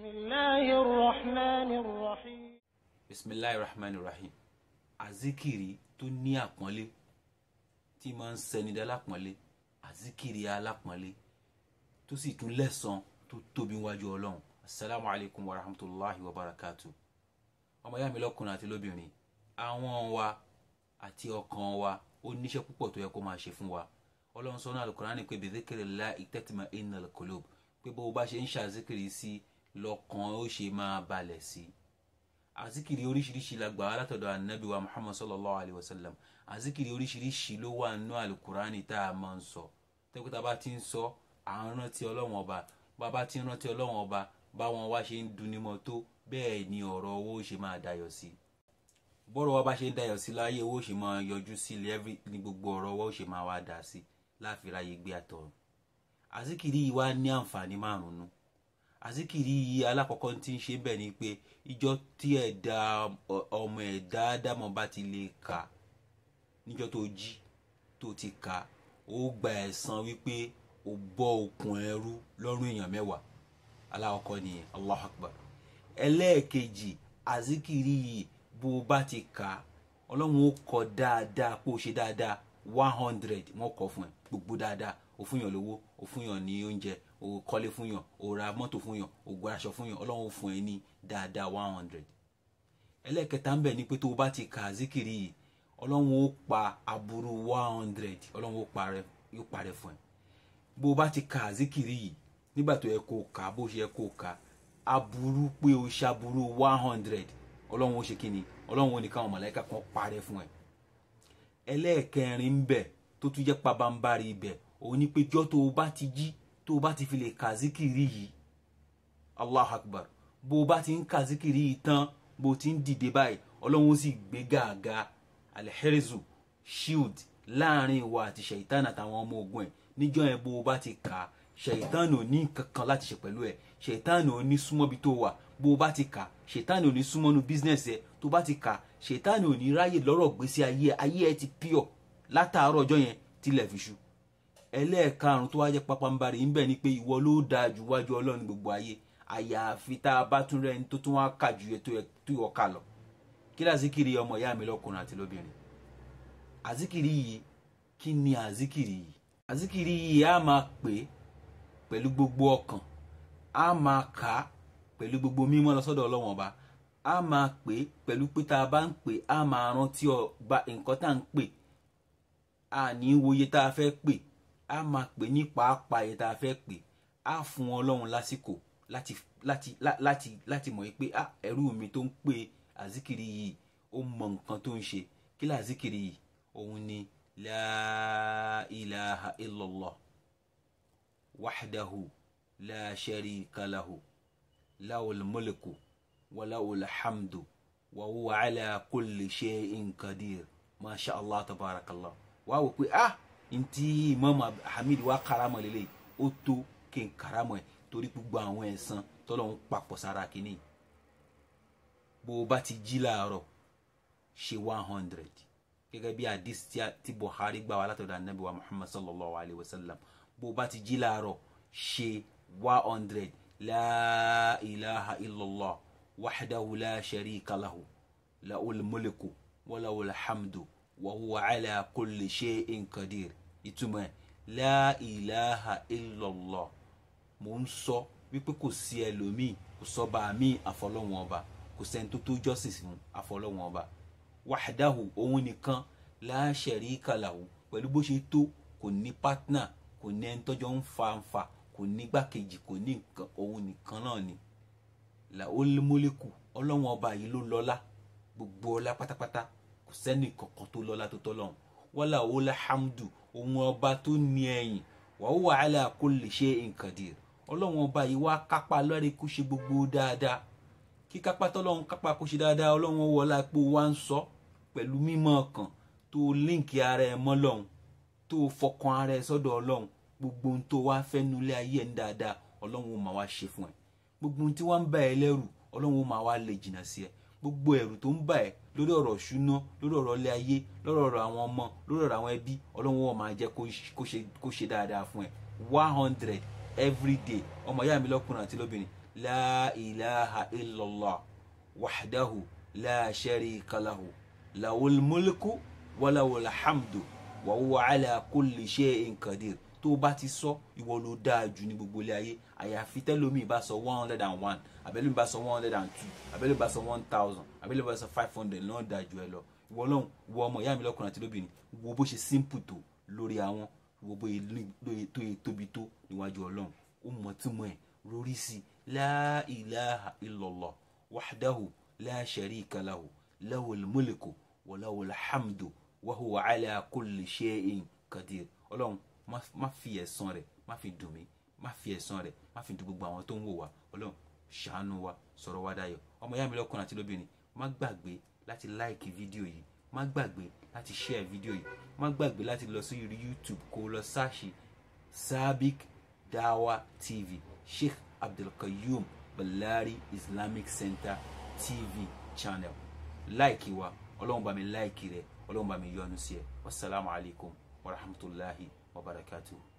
بسم الله الرحمن الرحيم بسم الله الرحمن الرحيم azikiri tó ní àpọ́nlé tí máa ń sẹni dá lápọ́nlé azikiri alápọ́nlé tó sì tún lẹ́san tó tóbi wájú ọlọ́run asalaamu alaykum wa rahmatulahi wa barakatu ọmọ ìyá mi lọ́kùnrin àti lóbìnrin àwọn wa àti ọkàn wa ó níṣẹ́ púpọ̀ tó yẹ kó máa ṣe fún wa ọlọ́run sọ́nà alukurani pé bi dhikrillahi tatma'inul qulub pé bó o bá ṣe ń ṣàzikiri sí i lọ́kàn ó ṣe máa balẹ̀ sí i azikiri oríṣiríṣi la gbà látọ̀dọ̀ anabi wa muhammad sallallahu alayhi wa sallam azikiri oríṣiríṣi ló wà nínú alukurani tá a máa ń sọ tẹ́kọ̀tà bá ti ń sọ à ń rántí ọlọ́wọ́n ọba bàbá ti ń rántí ọlọ́wọ́n ọba báwọn wá ṣe ń dunimọ̀ tó bẹ́ẹ̀ ni ọ̀rọ̀ owó ṣe máa dayọ̀ sí bọ́rọ̀ wa bá ṣe ń dayọ̀ sí láyé owó ṣe máa yọjú sí ní gbogbo ọ̀rọ̀ owó ṣe máa wá dà sí láfi ráyè gbé àtọ̀run azikiri yìí wá ní àǹfààní márùn-ún àzíkìrí alákọ̀ọ́kọ́ tí ń ṣe bẹ́ẹ̀ ni pé ìjọ tí ẹ̀dá ọmọ ẹ̀dá dámọ̀ bá ti lè kà níjọ tó jí tó ti kà ó gba ẹ̀san wípé ó bọ́ okùn ẹrú lọ́rùn èèyàn mẹ́wàá alákọ̀ọ́kọ́ ni Allahu Akbar ẹlẹ́ẹ̀kejì àzíkìrí yìí bó o bá ti kà ọlọ́run ó kọ dáadáa pé ó ṣe dáadáa one hundred wọ́n kọ fún ẹ gbogbo dáadáa o fún yàn lówó o ní oúnjẹ o kọ́lé fún o ra mọ́tò fún yàn o gba aṣọ fún yàn ọlọ́run fún ẹ ní dáadáa one hundred ẹlẹ́ẹ̀kẹta ń bẹ̀ ni pé tó o bá ti kà zikiri yìí ọlọ́run ó pa aburú one hundred ọlọ́run ó parẹ́ yóò parẹ́ fún ẹ bó o bá ti kà zikiri yìí nígbà tó yẹ kó o kà bó ṣe yẹ kó o kà aburú pé o ṣaburú one hundred ọlọ́run ó ṣe kí ni ọlọ́run ó ní káwọn mọ̀lẹ́kà kan parẹ́ fún ẹ ẹlẹ́ẹ̀kẹrin ń bẹ̀ tó tún jẹ́ pabambarì ibẹ̀ òun ni pé jọ́ tó o bá ti jí tó o bá ti fi lè kà zikiri yìí allah akbar bó o bá ti ń kà zikiri yìí tán bó o ti ń dìde báyìí ọlọ́run sì gbé gàgà alherizu shield láàrin ìwà àti ṣèyítàn àtàwọn ọmọ ogun ẹ̀ níjọ́ yẹn bó o bá ti kà á ṣèyítàn ò ní kankan láti ṣe pẹ̀lú ẹ̀ ṣèyítàn ò ní súnmọ́ bí tó wà bó o bá ti kà ṣèyítàn ò ní súnmọ́ nu business ẹ̀ tó bá ti kà ṣèyítàn ò ní ráyè lọ́rọ̀ gbèsè ayé ẹ ti pure látàárọ̀ ọjọ́ yẹn tilẹ̀ fi ṣu ẹlẹ́ẹ̀karùn tó wá jẹ́ pápánbarì ń bẹ̀ ni pé ìwọ ló dáa jù wájú ọlọ́run gbogbo ayé àyàfi tá a bá tún rẹ́ni tó tún wá kà ju iye tó yọ ká lọ kí lásìkiri ọmọ ìyá mi lọkùnrin àti lóbìnrin àzíkiri yìí kí ni àzíkiri yìí àzíkiri yìí á máa pè pẹ̀lú gbogbo ọkàn á máa kà á pẹ̀lú gbogbo mímọ́ lọ́sọ́dọ̀ ọlọ́wọ́n ọba á máa pè pẹ̀lú pé tá a bá ń pè á máa rántí ọba nǹkan tá à ń pè á ní wòye tá a fẹ́ pè a máa pè ní pàápàá yẹn tá a fẹ́ pè á fún ọlọ́run lásìkò láti láti láti láti mọ̀ pé a ah, ẹrú mi tó ń pè àzíkiri yìí ó mọ nǹkan tó ń ṣe kí làzíkiri yìí òun ni la ilaha illallah wahdahu la sharika lahu lawul mulku wa lawul hamdu wa huwa ala masha allah tabarakallah wàá wò pé ah ntí Imam Hamid wa karamọ̀ lélẹ̀ ó tó kí n karamọ̀ ẹ̀ e, torí gbogbo àwọn ẹ̀san tọ́lọ́run papọ̀ sára kínní bó o bá ti jí láàárọ̀ ṣe one hundred gẹ́gẹ́ bí hadith tí Buhari gbà wá látọ̀dọ̀ anabi wa Muhammad sallallahu alayhi wa sallam bó o bá ti jí láàárọ̀ ṣe one hundred la ilaha illallah wahdahu la sharika lahu la ul mulku wa wa huwa ala kulli shay'in qadir ìtumọ̀ ẹ̀ la ilaha illallah mò ń sọ wípé kò sí ẹlòmíì kò sọba mi àfọlọ́wọn ọba kò sẹ́ni tó tó jọ́sìn fún àfọlọ́wọn ọba wàhádàhù òun nìkan la sharika lahu pẹ̀lú bó ṣe tó kò ní pátánà kò ní ẹni tọ́jọ́ ń fa ń kò ní gbàkejì kò ní nǹkan òun nìkan náà ni làwọn mólíkù ọlọ́wọ́n ọba yìí ló lọ́lá gbogbo ọlá pátápátá kò sẹ́ni kankan tó lọ́lá tó tọ́lọ́hún wala wọlé hamdu òun ọba tó ní ẹ̀yìn wàá wà ala kulli shay'in qadir ọlọ́run ọba yìí wá kápá lọ́rẹ́ kó ṣe gbogbo dáadáa kí kápá tọ́lọ́run kápá kó ṣe dáadáa ọlọ́run wọlá pé wá ń sọ pẹ̀lú mímọ́ ọkàn tó líǹkì ara ẹ mọ́ lọ́hùn tó fọkàn ara ẹ sọ́dọ̀ ọlọ́run gbogbo ohun tó wá fẹ́ nulẹ̀ ayé ẹ̀ ń dáadáa ọlọ́run ó máa wá ṣe fún ẹ gbogbo ohun tí wọ́n ń bá ẹ lẹ́rù ọlọ́run ó máa wá lè jìnnà sí ẹ gbogbo ẹ̀rù tó ń bà ẹ́ lórí ọ̀rọ̀ ṣúná lórí ọ̀rọ̀ ilé ayé lórí ọ̀rọ̀ àwọn ọmọ lórí ọ̀rọ̀ àwọn ẹbí ọlọ́run wọn máa jẹ́ kó ṣe dáadáa fún ẹ one hundred every day ọmọ ìyá mi lọ́kùnrin àti lóbìnrin la ilaha illallah wahdahu la sharika lahu lawul mulku walawul hamdu wa huwa ala kulli shay'in qadir tó o bá ti sọ ìwọ ló dáa jù ní gbogbo ilé ayé àyàfi tẹ́lómi bá sọ one hundred and one àbẹ́lómi bá sọ one hundred and two àbẹ́lómi bá sọ one thousand àbẹ́lómi bá sọ five hundred lọ́n dáa jù ẹ lọ ìwọ lọ́hùn wọ ọmọ ìyá mi lọ́kùnrin àti lóbìnrin wo bó ṣe simple tó lórí àwọn wo bó tó yẹ tóbi tó níwájú ọlọ́run ó mọ tí mo ẹ̀ lórí sí la ilaha illallah wahdahu la sharika lahu lahul mulku wa lahul hamdu wa ala kulli shay'in qadir ọlọ́run má fi ẹ̀san rẹ̀ má fi dùn mí má fi ẹ̀san rẹ̀ má fi dùn gbogbo àwọn tó ń wò wá ọlọ́run ṣàánú wa sọ̀rọ̀ wa dayọ̀ ọmọ ìyá mi lọ́kùnrin àti lóbìnrin má gbàgbé láti láìkì fídíò yìí má gbàgbé láti share fídíò yìí má gbàgbé láti lọ sí YouTube kó lọ sáàṣì Sabic Dawa TV Sheikh Abdulqayum Balari Islamic Center TV channel láìkì wa ọlọ́run bá mi láìkì rẹ ọlọ́run bá mi yọ́nú sí ẹ wasalaamu alaykum wa rahmatulahi wa barakatuh.